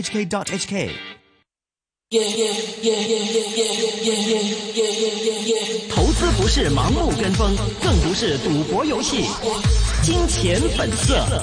HK dot HK，投資不是盲目跟風，更不是賭博遊戲，金錢本色。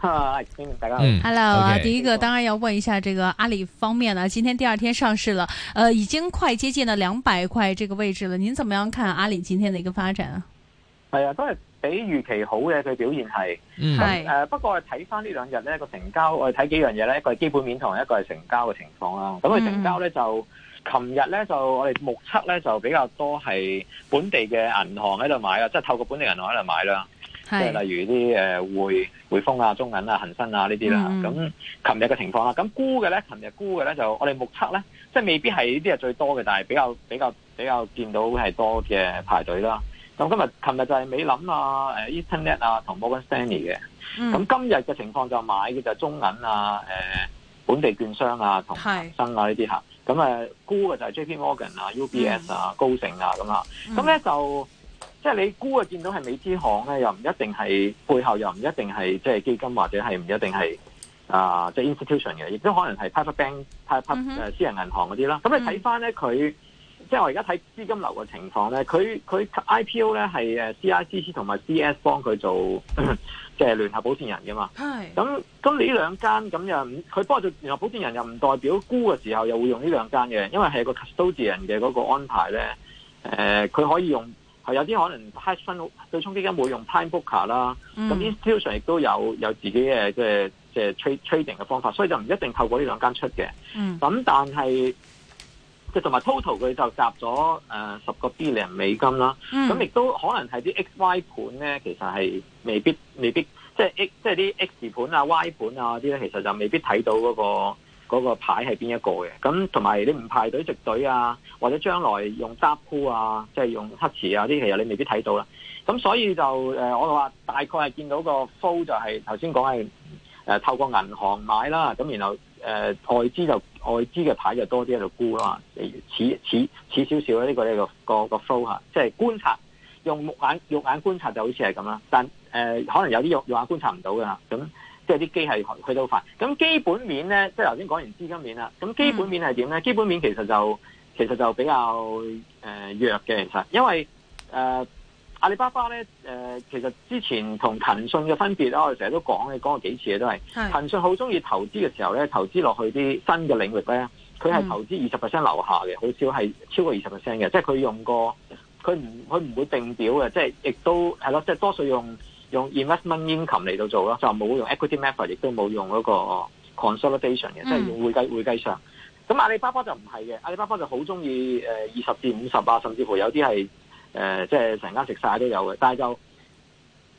Hello，Okay. 第一個當然要問一下，這個阿里方面啦、啊，今天第二天上市了，呃，已經快接近到兩百塊這個位置了。您怎麼樣看阿里今天的一個發展啊？係啊、嗯，都係比預期好嘅，佢表現係，係不過睇翻呢兩日呢個成交，我哋睇幾樣嘢呢？一個係基本面，同一個係成交嘅情況啦。咁、那、佢、個、成交呢，就，琴日呢，就我哋目測呢，就比較多係本地嘅銀行喺度買啊，即係透過本地銀行喺度買啦。即係是例如啲誒匯匯豐啊、中銀啊、恒生啊呢啲啦，咁琴日嘅情況啦，咁沽嘅咧，琴日沽嘅咧就我哋目測咧，即係未必係呢啲係最多嘅，但係比較比較比較見到係多嘅排隊啦。咁今日琴日就係美林啊、Eaton One 啊同、啊、Morgan Stanley 嘅。咁、嗯、今日嘅情況就買嘅就係中銀啊、誒、啊、本地券商啊同恒生啊呢啲嚇。咁誒是沽嘅就係 J P Morgan 啊、嗯、U B S 啊、 嗯、 高盛啊咁啊。咁咧就。即係你估啊，見到係美資行咧，又唔一定係背後，又唔一定係即係基金或者係唔一定係啊，即係 institution 嘅，亦都可能係 private bank、private 私人銀行嗰啲啦。咁你睇翻咧，佢即係我而家睇資金流嘅情況咧，佢佢 IPO 咧係誒 CICC 同埋 CS 幫佢做即係聯合保薦人噶嘛。係是。咁咁呢兩間咁又唔佢幫做聯合保薦人，又唔代表估嘅時候又會用呢兩間嘅，因為係個 custodian 嘅嗰個安排咧。誒、呃，佢可以用。有啲可能對沖基金會用 Prime Broker、er、啦，咁、嗯、institution 亦都有有自己嘅即、就、係、是、即係、就是、trading 嘅方法，所以就唔一定透過呢兩間出嘅。咁、嗯、但係即係同埋 total 佢就集咗誒十個 B 零美金啦。咁亦、嗯、都可能係啲 X Y 盤咧，其實係未必未必即係即啲 X 盤啊、Y 盤啊啲咧，其實就未必睇到嗰、那個。嗰個牌係邊一個嘅？咁同埋你唔排隊直隊啊，或者將來用 dark pool 啊，即係用黑池啊啲，其實你未必睇到啦。咁所以就誒、呃，我話大概係見到個 flow 就係頭先講係透過銀行買啦，咁然後誒、呃、外資就外資嘅牌就多啲喺度沽啦嘛，似似似，似少少呢、啊呢個呢、嗰個嗰個 flow、啊、即係觀察用目眼肉眼觀察就好似係咁啦，但誒、呃、可能有啲肉眼觀察唔到噶咁。即係啲機係去到快，咁基本面咧，即係頭先講完資金面啦。咁基本面係點咧？嗯、基本面其實就其實就比較誒弱嘅，其實因為誒、呃、阿里巴巴咧誒、呃，其實之前同騰訊嘅分別啦，我哋成日都講你講過幾次嘅都係騰是 訊好中意投資嘅時候咧，投資落去啲新嘅領域咧，佢係投資二十 percent 樓下嘅，好少係超過二十 percent 嘅，即係佢用過佢唔佢唔會定表嘅，即係亦都係咯，即係多數用。用 investment income 嚟到做咯，就冇用 equity method，亦都冇用嗰個 consolidation 嘅，嗯、即係用會計會計上。咁阿里巴巴就唔係嘅，阿里巴巴就好中意二十至五十啊，甚至乎有啲係誒即係成間食晒都有嘅，但係就、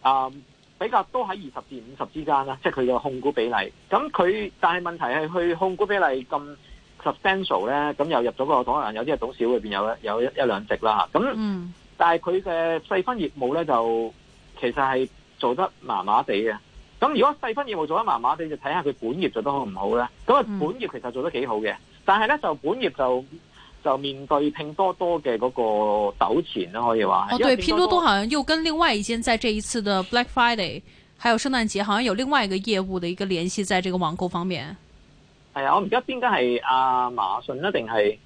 呃、比較都喺二十至五十之間啦，即係佢嘅控股比例。咁佢但係問題係佢控股比例咁 substantial 咧，咁又入咗個可能有啲係董事會入邊有有一一,一兩席啦。咁、嗯、但係佢嘅細分業務咧，就其實係。做得麻麻地嘅，咁如果細分業務做得麻麻地，就睇下佢本業做得好唔好啦。咁啊，本業其實做得幾好嘅，但係咧就本業就就面對拼多多嘅嗰個糾纏啦，可以話係。哦，對，拼多多好像又跟另外一間在這一次的 Black Friday，還有聖誕節，好像有另外一個業務嘅一個聯繫，在這個網購方面。係啊，我唔記得邊間係亞馬遜啊，定係？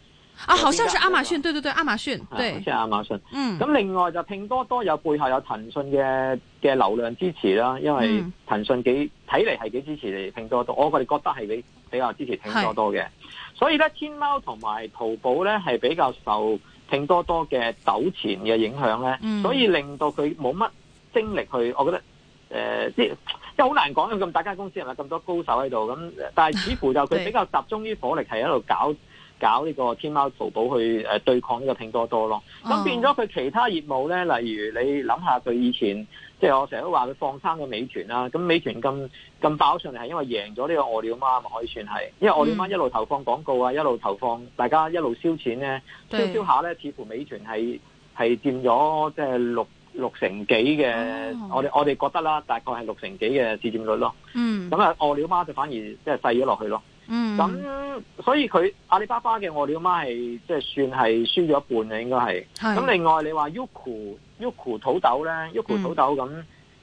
啊，好像是亞馬遜，對對對，亞馬遜，對，對好似係亞馬遜。嗯，咁另外就拼多多有背後有騰訊嘅嘅流量支持啦，因為騰訊幾睇嚟，係幾支持你。拼多多，我哋覺得係比比較支持拼多多嘅。是所以咧，天貓同埋淘寶咧係比較受拼多多嘅走前嘅影響咧，嗯、所以令到佢冇乜精力去，我覺得誒、呃，即係好難講，咁大間公司係咪咁多高手喺度咁？但係似乎就佢比較集中於火力係喺度搞。搞呢個天貓淘寶去誒對抗呢個拼多多咯，咁變咗佢其他業務咧，例如你諗下佢以前，即係我成日都話佢放生嘅美團啦，咁美團咁咁爆上嚟係因為贏咗呢個餓了麼，咪可以算係，因為餓了麼一路投放廣告啊，嗯、一路投放大家一路燒錢咧，燒一燒一下咧，似乎美團係係佔咗即係六六成幾嘅、哦，我哋我哋覺得啦，大概係六成幾嘅自佔率咯，嗯，咁啊餓了麼就反而即係細咗落去咯。嗯，咁所以佢阿里巴巴嘅餓、就是、了麼係即係算係輸咗一半啦，應該係。咁是另外你話 Youku Youku 土豆咧、Youku 土豆咁，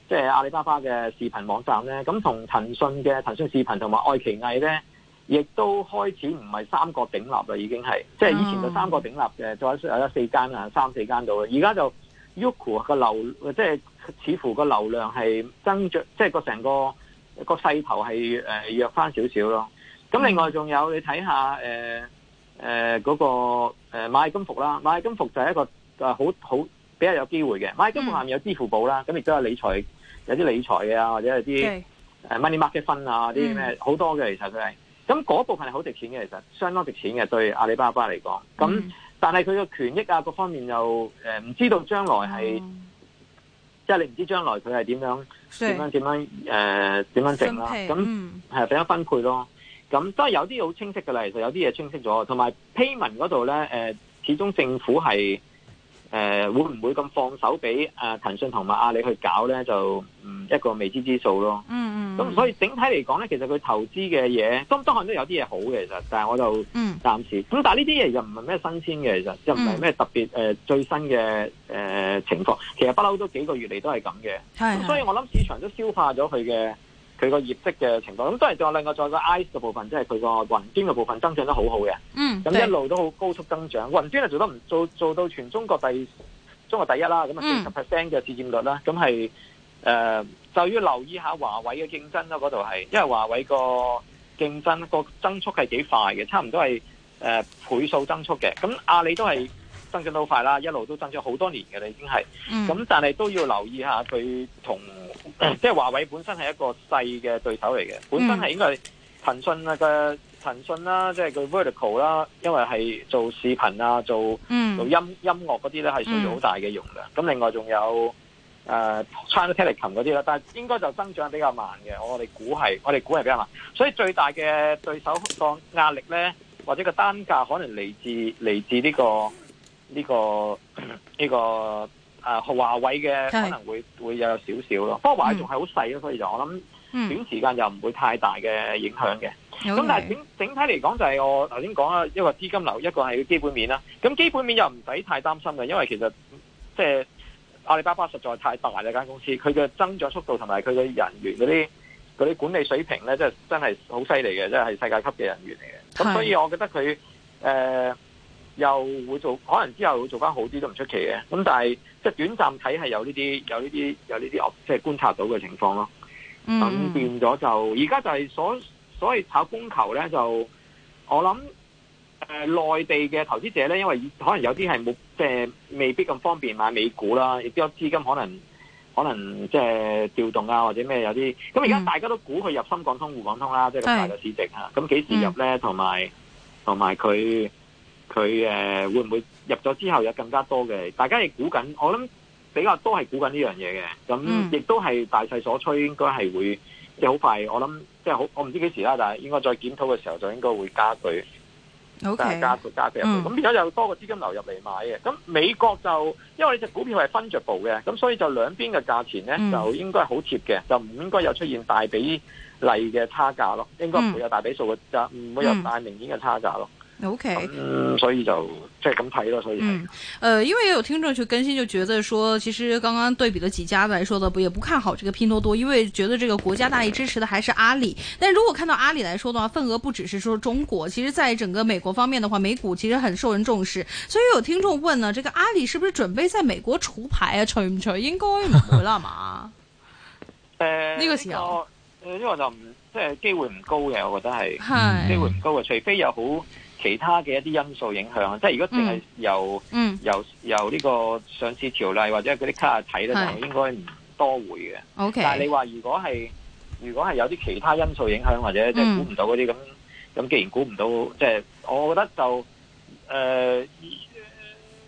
即係、嗯就是、阿里巴巴嘅視頻網站咧，咁同騰訊嘅騰訊視頻同埋愛奇藝咧，亦都開始唔係三個鼎立啦，已經係，即、就、係、是、以前就三個鼎立嘅，再、哦、有四間啊，三四間度，而家就 Youku 嘅流，即、就、係、是、似乎個流量係增長，即、就、係、是、個成個個勢頭係誒、呃、弱翻少少咯。咁另外仲有你睇下誒誒嗰個誒螞蟻金服啦，螞蟻金服就係一個誒好好比較有機會嘅。螞蟻金服下面有支付寶啦，咁亦都有理財，有啲理財嘅，啊，或者有啲誒 Money Market 嘅分啊，啲咩好多嘅其實佢係，咁嗰部分係好值錢嘅，其實，、那個、其實相當值錢嘅對阿里巴巴嚟講。咁、嗯、但係佢個權益啊，各、那個、方面又誒唔知道將來係即係你唔知將來佢係點樣點對樣點樣誒點、呃、樣整啦。咁係比較分配咯。咁都係有啲好清晰㗎啦，其實有啲嘢清晰咗，同埋批文嗰度咧，誒、呃，始終政府係誒、呃，會唔會咁放手俾誒、呃、騰訊同埋阿里去搞咧，就嗯一個未知之數咯。嗯嗯。咁、嗯、所以整體嚟講咧，其實佢投資嘅嘢當當然都有啲嘢好嘅，其實，但係我就暫時。咁、嗯、但係呢啲嘢又唔係咩新鮮嘅，其實又唔係咩特別誒、呃、最新嘅誒、呃、情況。其實不嬲都幾個月嚟都係咁嘅。係。所以我諗市場都消化咗佢嘅。佢個業績嘅情況，咁當然仲有另外仲有個 ICE 嘅部分，即係佢個雲端嘅部分增長得好好嘅。嗯，咁一路都好高速增長，對雲端係做得唔做做到全中國第中國第一啦。咁啊，四十 percent 嘅市佔率啦，咁係誒就要留意下華為嘅競爭啦。嗰度係，因為華為個競爭個增速係幾快嘅，差唔多係誒、呃、倍數增速嘅。咁阿里都係增長到好快啦，一路都增長好多年嘅啦，已經係。咁、嗯、但係都要留意下佢同。即係華為本身係一個細嘅對手嚟嘅，本身係應該係騰訊啊嘅騰訊啦，即係佢 vertical 啦，因為係做視頻啊，做做音音樂嗰啲咧係需要好大嘅容量。咁、嗯、另外仲有誒 China、呃、Telecom、um、嗰啲啦，但係應該就增長比較慢嘅。我哋估係，我哋估係比較慢。所以最大嘅對手個壓力咧，或者個單價可能嚟自嚟自呢個呢個呢個。這個這個誒華為嘅可能會是會有少少咯，不過華為仲係好細咯，所以就我諗短時間又唔會太大嘅影響嘅。咁、嗯、但係整整體嚟講，就係我頭先講啦，一個資金流，一個係基本面啦。咁基本面又唔使太擔心嘅，因為其實即係、就是、阿里巴巴實在太大啦間、這個、公司，佢嘅增長速度同埋佢嘅人員嗰啲嗰啲管理水平咧，即係真係好犀利嘅，即係世界級嘅人員嚟嘅。咁所以我覺得佢誒。的又會做，可能之後會做翻好啲都唔出奇嘅。咁但係即係短暫睇係有呢啲、有呢啲、有呢啲，即係觀察到嘅情況咯。咁變咗就而家就係所所謂炒供求咧，就我諗誒、呃、內地嘅投資者咧，因為可能有啲係冇即係未必咁方便買美股啦，亦都有資金可能可能即係調動啊，或者咩有啲。咁而家大家都估佢入深港通、滬港通啦，即係咁大嘅市值嚇。咁幾時入咧？同埋同埋佢。佢誒、呃、會唔會入咗之後有更加多嘅？大家亦估緊，我諗比較多係估緊呢樣嘢嘅。咁亦、嗯、都係大勢所趨，應該係會即好快。我諗即係好，我唔知幾時啦，但係應該再檢討嘅時候就應該會加佢。O Okay , K. 加加入，咁而家有多個資金流入嚟買嘅。咁美國就因為隻股票係分着步嘅，咁所以就兩邊嘅價錢咧、嗯、就應該係好貼嘅，就唔應該有出現大比例嘅差價咯。應該唔會有大比數嘅差唔、嗯、會有大明顯嘅差價咯。O Okay . K，嗯，所以就即係咁睇咯，所以，嗯，呃，因為有聽眾去更新，就覺得說，其實剛剛對比咗幾家來說的，不也不看好這個拼多多，因為覺得這個國家大力支持的還是阿里。的但如果看到阿里來說的話，份額不只是說中國，其實在整個美國方面的話，美股其實很受人重視。所以有聽眾問呢，這個阿里是不是準備在美國除牌啊？除唔除，應該唔會啦嘛。誒、呃，呢個時候，誒呢、這個這個就唔即係機會唔高嘅，我覺得係，係機、嗯、會唔高嘅，除非有好。其他嘅一啲因素影響，即係如果淨係由、嗯、由由呢個上市條例或者嗰啲卡下睇咧，是就應該唔多回嘅。Okay, 但係你話如果係如果係有啲其他因素影響，或者即係估唔到嗰啲咁咁，嗯、那既然估唔到，即、就、係、是、我覺得就誒，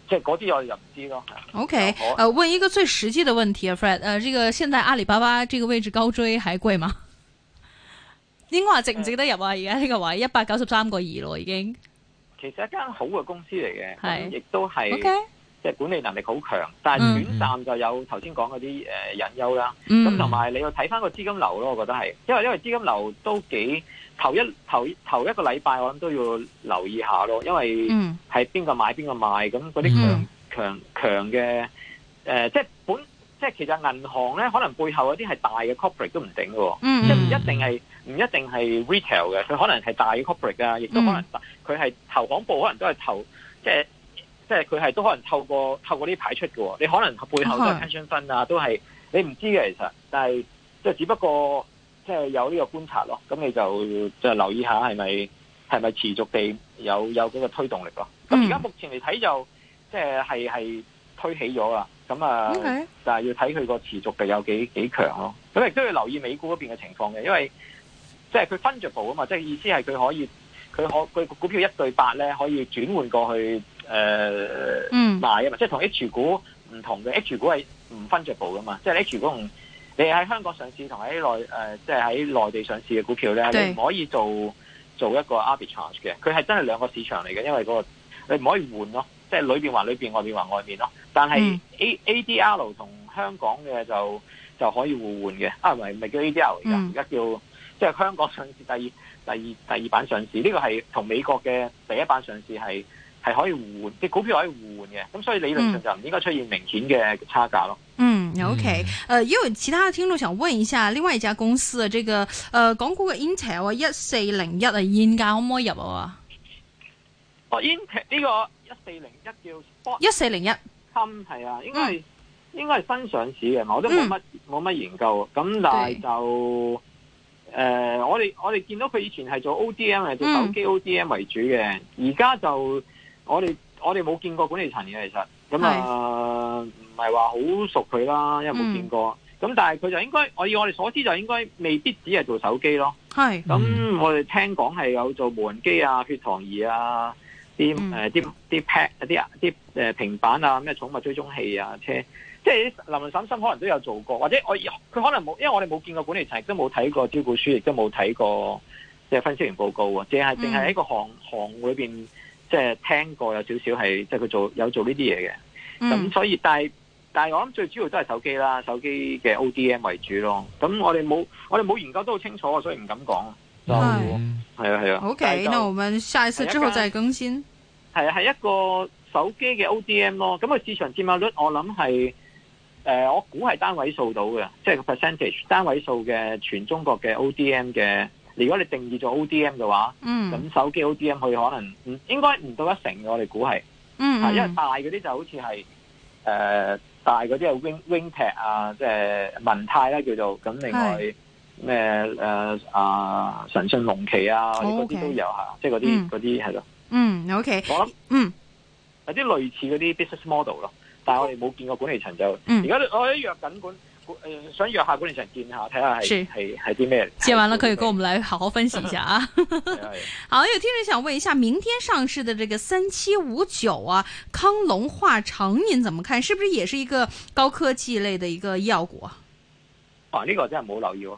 即係嗰啲我又唔知咯。OK，誒我，問一個最實際嘅問題，啊，Fred，誒、呃，呢個現在阿里巴巴這個位置高追還貴嗎？應該話值唔值得入啊？而家呢個位一百九十三個二咯，已經。其實一間好嘅公司嚟嘅，係，亦都係即係管理能力好強，但係短暫就有頭先講嗰啲誒隱憂啦。咁同埋你要睇返個資金流咯，我覺得係，因為因為資金流都幾頭一頭頭一個禮拜我諗都要留意一下咯，因為係邊個買邊個賣，咁嗰啲強強強嘅誒即係本。即係其實銀行咧，可能背後有啲係大嘅 corporate 都唔定㗎，mm hmm. 即係唔一定係唔一定係 retail 嘅，佢可能係大嘅 corporate 啊，亦都可能佢係、mm hmm. 投行部，可能都係投即係即係佢係都可能透過透過呢啲牌出嘅、哦，你可能背後都 pension fund 啊，uh huh. 都係你唔知嘅其實，但係即係只不過即係、就是、有呢個觀察咯，咁你就就留意下係咪係咪持續地有有嗰個推動力咯。咁而家目前嚟睇就即係係係推起咗啊。咁啊,是啊，但係要睇佢個持續嘅有幾幾強咯。咁亦都要留意美股嗰邊嘅情況嘅，因為即係佢分着 n d 啊嘛，即係意思係佢可以佢可佢股票一對八咧可以轉換過去誒賣啊嘛，即係同 H 股唔同嘅 H 股係唔分着 n d 噶嘛，即係 H 股你喺香港上市同喺內誒，即係喺內地上市嘅股票咧，對你唔可以做做一個 arbitrage 嘅，佢係真係兩個市場嚟嘅，因為嗰、那個你唔可以換咯。即係裏邊話裏邊，外邊話外邊咯。但係 ADR 同香港嘅就就可以互換嘅。啊，唔係唔係叫 ADR 噶，而家、嗯、叫即係香港上市第二第二第二版上市。呢、這個係同美國嘅第一版上市係係可以互換嘅股票可以互換嘅。咁所以理論上就唔應該出現明顯嘅差價咯。嗯，OK，誒，因、呃、為其他嘅聽眾想問一下另外一家公司，即、這個誒、呃、港股嘅 Intel 一四零一啊，現價可唔可以入啊？哦，Intel 呢、這個。一四零一叫一四零一，係啊，應該係應該係新上市嘅，我都冇乜冇乜研究，咁但係就誒，我哋我哋見到佢以前係做 O D M，係做手機 O D M 為主嘅。而家、嗯、就我哋我哋冇見過管理層嘅，其實咁啊，唔係話好熟佢啦，因為冇見過。咁、嗯、但係佢就應該，我以我哋所知就應該未必只係做手機咯。係咁是，我哋聽講係有做無人機啊、血糖儀啊。啲誒啲啲 pad 啲啊啲誒平板啊咩寵物追蹤器啊車，即係林林總總可能都有做過，或者我佢可能冇，因為我哋冇見過管理層，亦都冇睇過招股書，亦都冇睇過即係分析員報告啊，淨係淨係喺個行行裏邊即係聽過有少少係即係佢做有做呢啲嘢嘅，咁、嗯、所以但係但係我諗最主要都係手機啦，手機嘅 O D M 為主咯，咁我哋冇我哋冇研究都好清楚，所以唔敢講。係，係啊、嗯，係啊。O Okay , K，是那我們下一次之後再更新。係啊，係一個手機嘅 O D M 咯。咁啊，市場佔有率我諗係誒，我估係單位數到嘅，即係個 percentage 單位數嘅全中國嘅 O D M 嘅。如果你定義做 O D M 嘅話，嗯，咁手機 O D M 佢可能，嗯，應該唔到一成，我哋估係，嗯，嗯，因為大嗰啲就好似係誒大嗰啲啊 Wingtech 啊，即、就、係、是、文泰啦、啊，叫做。咁另外。咩誒、呃、啊，神信龍旗啊，嗰啲、oh, okay. 都有吓，即係嗰啲嗰啲係咯。嗯，O K，我諗嗯，有啲類似嗰啲 business model 咯，但係我哋冇見過管理層就。而家我喺約緊管，誒、呃、想約下管理層見下，睇下係係係啲咩嚟？是接完啦可以跟我們嚟好好分析一下啊。 好，有聽眾想問一下，明天上市嘅呢個三七五九啊，康龍化成，您怎麼看？是不是也是一個高科技類的一個醫藥股？啊，呢、這個真係冇留意。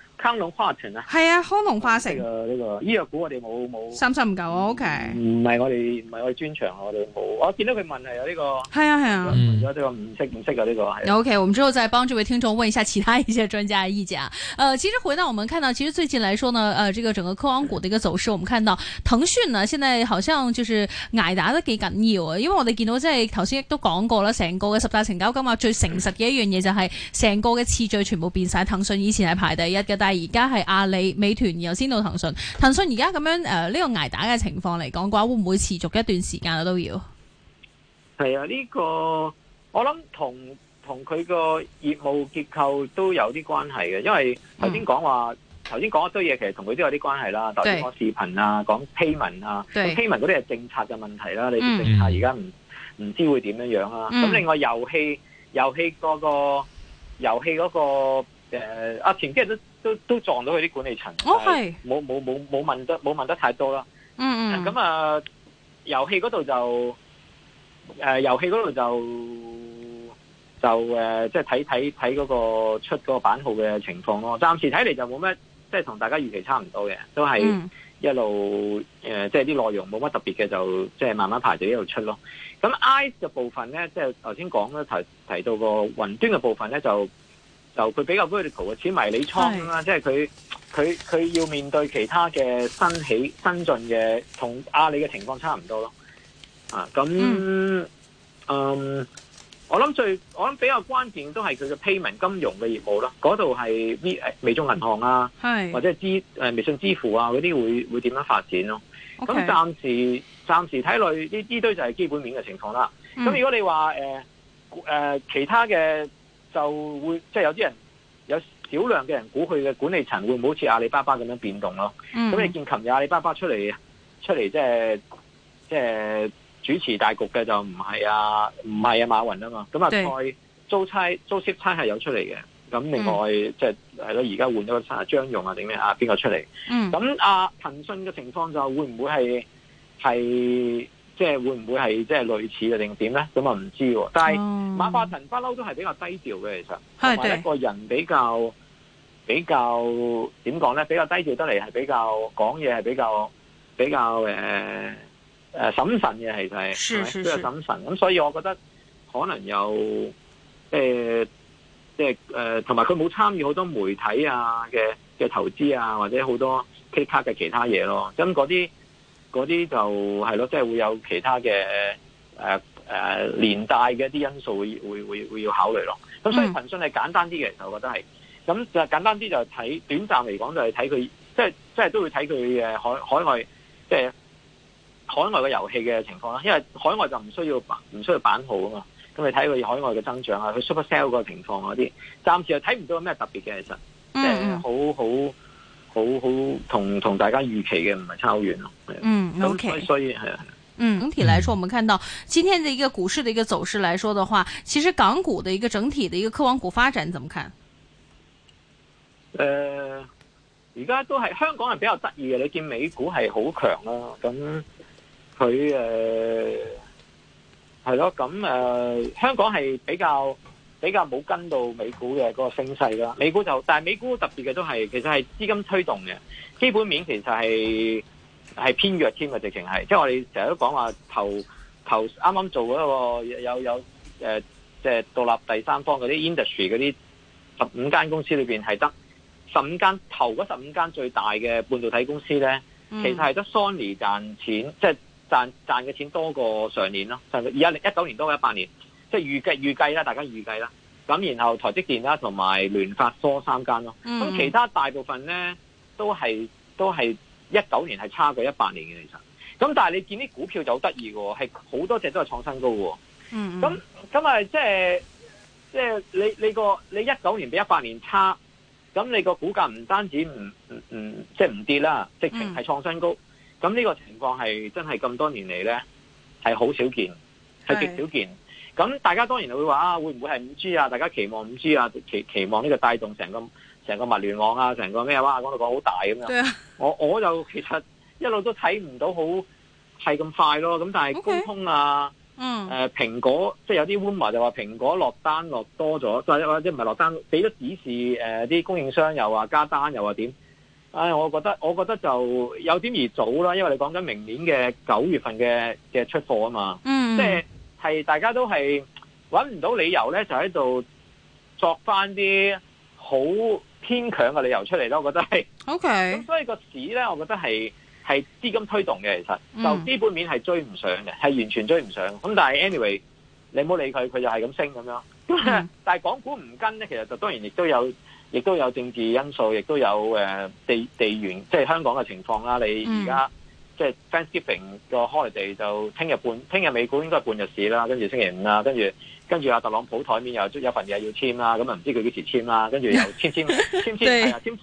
康龍化成啊，係啊，康龍化成呢、這個呢、這個醫藥股我哋冇冇，三三九啊，O K，唔係我哋唔係我哋專長，我哋冇，我見到佢問、這個、啊。呢個，係啊係啊，唔呢、okay, 我唔識唔識啊呢個係，O K，我唔之後再幫這位聽眾問一下其他一些專家嘅意見啊。呃，其實回到我們看到，其實最近嚟說呢，呃，這個整個科技股嘅一個走勢，我們看到騰訊呢，現在好像就是挨打都幾緊要啊。因為我哋見到即係頭先亦都講過啦，成個嘅十大成交金啊，最誠實嘅一樣嘢就係成個嘅次序全部變晒，騰訊以前係排第一嘅，而家係阿里、美團，然後先到騰訊。騰訊而家咁樣誒，呢、呃呢個捱打嘅情況嚟講嘅話，會唔會持續一段時間啊？都要係啊，呢、呢個我諗同同佢個業務結構都有啲關係嘅，因為頭先講話，頭先講一堆嘢，其實同佢都有啲關係啦。頭先講視頻啊，講 payment 啊對，payment 嗰啲係政策嘅問題啦。你政策而家唔唔知會點樣樣啊？咁、嗯、另外遊戲遊戲嗰、嗰個遊戲嗰、嗰個啊、呃，前幾日都。都都撞到佢啲管理層，冇冇冇冇問得冇問得太多啦。嗯嗯、mm。咁、hmm. 啊，遊戲嗰度就誒，遊戲嗰度就就誒，即係睇睇睇嗰個出嗰個版號嘅情況咯。暫時睇嚟就冇咩，即係同大家預期差唔多嘅，都係一路誒，即係啲內容冇乜特別嘅，就即、是、係、就是、慢慢排住一路出咯。咁 I 嘅部分咧，即係頭先講咧提提到個雲端嘅部分咧，就。就佢比較 vertical 似迷你倉咁啦，是即係佢佢佢要面對其他嘅新起新進嘅，同阿里嘅情況差唔多咯。啊，咁嗯，嗯，我諗最我諗比較關鍵都係佢嘅 payment 金融嘅業務囉。嗰度係 V 誒微眾銀行啊，是或者係支誒微信支付啊嗰啲會會點樣發展咯？咁 Okay. 暫時暫時睇落呢呢堆就係基本面嘅情況啦。咁如果你話誒、嗯呃呃、其他嘅就會即係、就是、有啲人有少量嘅人估佢嘅管理層會唔會好似阿里巴巴咁樣變動咯？咁、嗯、你見琴日阿里巴巴出嚟出嚟即係即係主持大局嘅就唔係啊，唔係啊馬雲啊嘛。咁啊再租差對 租息差係有出嚟嘅。咁另外即係係咯，而家、嗯、換咗個差張勇啊定咩、嗯、啊邊個出嚟？咁啊騰訊嘅情況就會唔會係係？是即係會唔會係即係類似嘅定點咧？咁啊唔知喎。但係馬化騰不嬲都係比較低調嘅，其實同埋一個人比較的比較點講咧，比較低調得嚟，係、呃呃、是比較講嘢係比較比較誒誒審慎嘅，其實係，係真係審慎。咁所以我覺得可能有誒即係誒，同埋佢冇參與好多媒體啊嘅嘅投資啊，或者好多 K 卡嘅其他嘢咯，咁嗰啲。嗰啲就係咯，即係會有其他嘅誒誒連帶嘅一啲因素會會會會要考慮咯。咁所以騰訊係簡單啲嘅，其實我覺得係。咁就簡單啲就係睇短暫嚟講就係睇佢，即係即係都會睇佢誒海海外即係海外嘅遊戲嘅情況啦。因為海外就唔需要唔需要版號啊嘛。咁你睇佢海外嘅增長啊，佢 Supercell 個情況嗰啲，暫時又睇唔到有咩特別嘅，其實即係好好。嗯好好同同大家預期嘅唔係差好遠咯，嗯，O K，嗯、所以係啊，係啊，嗯，整、嗯、體來說，我們看到今天的一個股市的一個走勢來說的話，其實港股的一個整體的一個科網股發展，你怎麼看？誒、呃，而家都係香港係比較得意嘅，你見美股係好強啦，咁佢誒係咯，咁誒、呃呃、香港係比較。比較冇跟到美股嘅嗰個升勢啦，美股就，但係美股特別嘅都係其實係資金推動嘅，基本面其實係係偏弱添嘅，直情係，即係我哋成日都講話頭頭啱啱做嗰個有有誒即係獨立第三方嗰啲 industry 嗰啲十五間公司裏面係得十五間頭嗰十五間最大嘅半導體公司咧，嗯，其實係得 Sony 賺錢，即係賺賺嘅錢多過上年咯，就係二零一九年多過一八年。即係預計預計啦，大家預計啦。咁然後台積電啦，同埋聯發科三間咯。咁、嗯、其他大部分咧都係都係一九年係差過一八年嘅，其實。咁但係你見啲股票就好得意喎，係好多隻都係創新高喎、哦。咁咁啊，即係即係你你個你一九年比一八年差，咁你個股價唔單止唔唔唔即係唔跌啦，直情係創新高。咁呢、嗯、個情況係真係咁多年嚟咧，係好少見，係極少見。咁大家當然就會話啊，會唔會係五 G 啊？大家期望五 G 啊，期期望呢個帶動成個成個物聯網啊，成個咩啊？講到講好大咁樣。是啊、我我就其實一路都睇唔到好係咁快咯。咁但係高通啊，okay, 嗯、呃，蘋果，即係有啲 warmer 就話蘋果落單落多咗，即係唔係落單，俾咗指示啲、呃、供應商又話加單又話點、哎？我覺得我覺得就有點而早啦，因為你講緊明年嘅九月份嘅嘅出貨啊嘛，嗯，即係係大家都係搵唔到理由咧，就喺度作返啲好牽強嘅理由出嚟咯。我覺得係，OK。咁所以個市咧，我覺得係係資金推動嘅，其實就基本面係追唔上嘅，係、嗯、完全追唔上。咁但係 anyway，你冇理佢，佢就係咁升咁樣。嗯、但係港股唔跟咧，其實就當然亦都有亦都有政治因素，亦都有誒地地緣，即、就、係、是、香港嘅情況啦。你而家。嗯即係 Thanksgiving 個 holiday 就聽日半，聽日美股應該係半日市啦，跟住星期五啦，跟住跟住阿特朗普台面又有有份嘢要簽啦，咁啊唔知佢幾時簽啦，跟住又簽簽簽簽係啊簽，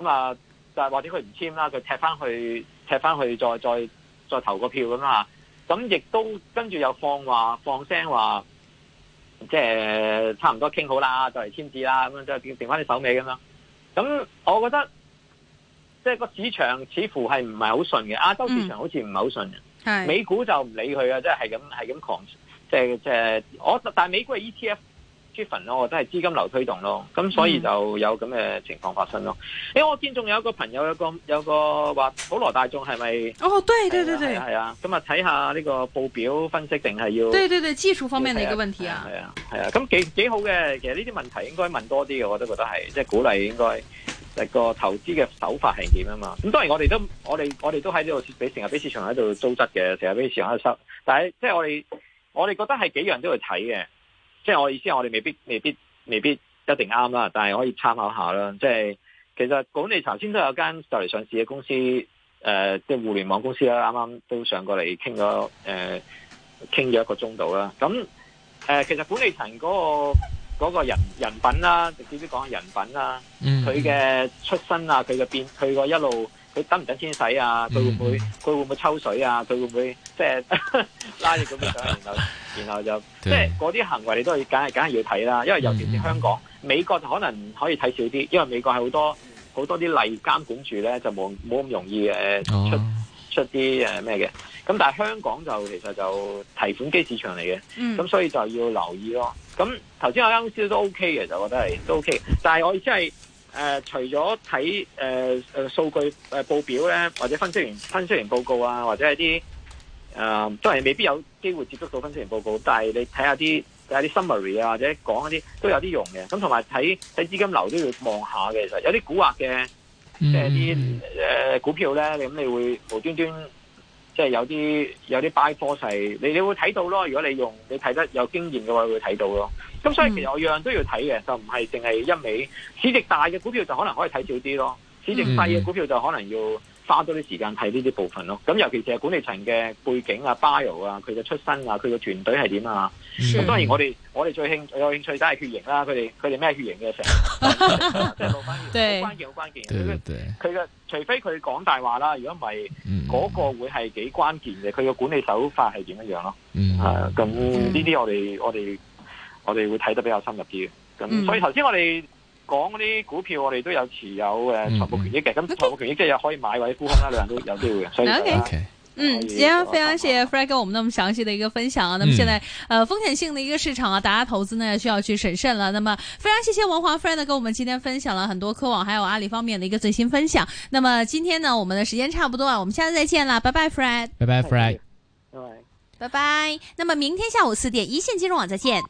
咁啊就係或者佢唔簽啦，佢踢翻去踢翻去再再再投個票咁啊，咁亦都跟住又放話放聲話，即係差唔多傾好啦，就嚟、是、簽字啦，咁樣就定翻啲手尾咁樣，咁我覺得。即係個市場似乎係唔係好順嘅，亞洲市場好似唔係好順嘅，嗯、美股就唔理佢啊！即係係咁係咁狂，即係即係我但係美股係 ETF 出粉咯，都係資金流推動咯，咁所以就有咁嘅情況發生咯、嗯欸。我見仲有一個朋友有個有個話普羅大眾係咪？哦，對對對對，係啊，咁啊睇下呢個報表分析定係要？對對對，技術方面的一個問題啊，係啊係啊，咁、啊啊啊、幾幾好嘅。其實呢啲問題應該問多啲嘅，我都覺得係，即、就、係、是、鼓勵應該。個投資嘅手法係點啊嘛？咁當然我哋都我哋我哋都喺呢度俾成日俾市場喺度糟質嘅，成日俾市場喺度收。但係即係我哋我哋覺得係幾樣都要睇嘅。即係我意思係我哋未必未必未必一定啱啦，但係可以參考一下啦。即係其實管理層先都有間就嚟上市嘅公司，誒、呃，即係互聯網公司啦，啱啱都上過嚟傾咗誒傾咗一個鐘度啦。咁誒、呃，其實管理層嗰個。嗰個人人品啦、啊，直接啲講係人品啦、啊，佢嘅、嗯、出身啊，佢嘅變，佢個一路，佢等唔等天使啊？佢、嗯、會唔會佢會唔會抽水啊？佢、嗯、會唔會即係拉你咁嘅，然後然後就即係嗰啲行為，你都係梗係梗係要睇啦。因為尤其是香港，嗯、美國就可能可以睇少啲，因為美國係好多好、嗯、多啲例監管住咧，就冇冇咁容易嘅、哦、出。出啲誒咩嘅？咁但係香港就其實就提款機市場嚟嘅，咁、嗯、所以就要留意咯。咁頭先我間公司都 OK 嘅，就覺得係都 OK。但係我意思係誒、呃，除咗睇誒誒數據誒、呃、報表咧，或者分析完分析完報告啊，或者係啲誒都係未必有機會接觸到分析員報告，但係你睇下啲睇下啲 summary 啊，或者講一啲都有啲用嘅。咁同埋睇睇資金流都要望下嘅，其實有啲古惑嘅。即係啲誒股票咧，你咁你會無端端即係有啲有啲擺波勢，你你會睇到咯。如果你用你睇得有經驗嘅話，會睇到咯。咁、嗯、所以其實我樣都要睇嘅，就唔係淨係一味市值大嘅股票就可能可以睇少啲咯，市值細嘅股票就可能要。嗯嗯嗯花多啲時間睇呢啲部分咯，咁尤其是係管理層嘅背景啊、bio 啊、佢嘅出身啊、佢嘅團隊係點啊，咁、嗯、當然我哋我哋最興有興趣，都係血型啦、啊。佢哋佢哋咩血型嘅成，即係老闆。好關鍵好關鍵。佢嘅除非佢講大話啦，如果唔係，嗰個會係幾關鍵嘅。佢嘅管理手法係點樣樣、啊、咯？嗯，係、啊。咁呢啲我哋、嗯、我哋我哋會睇得比較深入啲。咁所以頭先我哋。講嗰啲股票，我哋都有持有誒，財、嗯、務權益嘅。咁財務權益即係又可以買或者沽空啦，兩都有機會嘅。所，、okay. 所, okay. 所 okay. 嗯，好，非常謝謝 Fred 跟我們那麼詳細的一個分享啊。嗯、那麼現在，呃、風險性的一個市場啊，大家投資呢需要去審慎了。那麼非常謝謝王華 Fred 呢，跟我們今天分享了很多科網還有阿里方面的一個最新分享。那麼今天呢，我們的時間差不多啊，我們下次再見啦，拜拜，Fred，拜拜，Fred，拜拜，拜拜。那麼明天下午四點，一線金融網再見。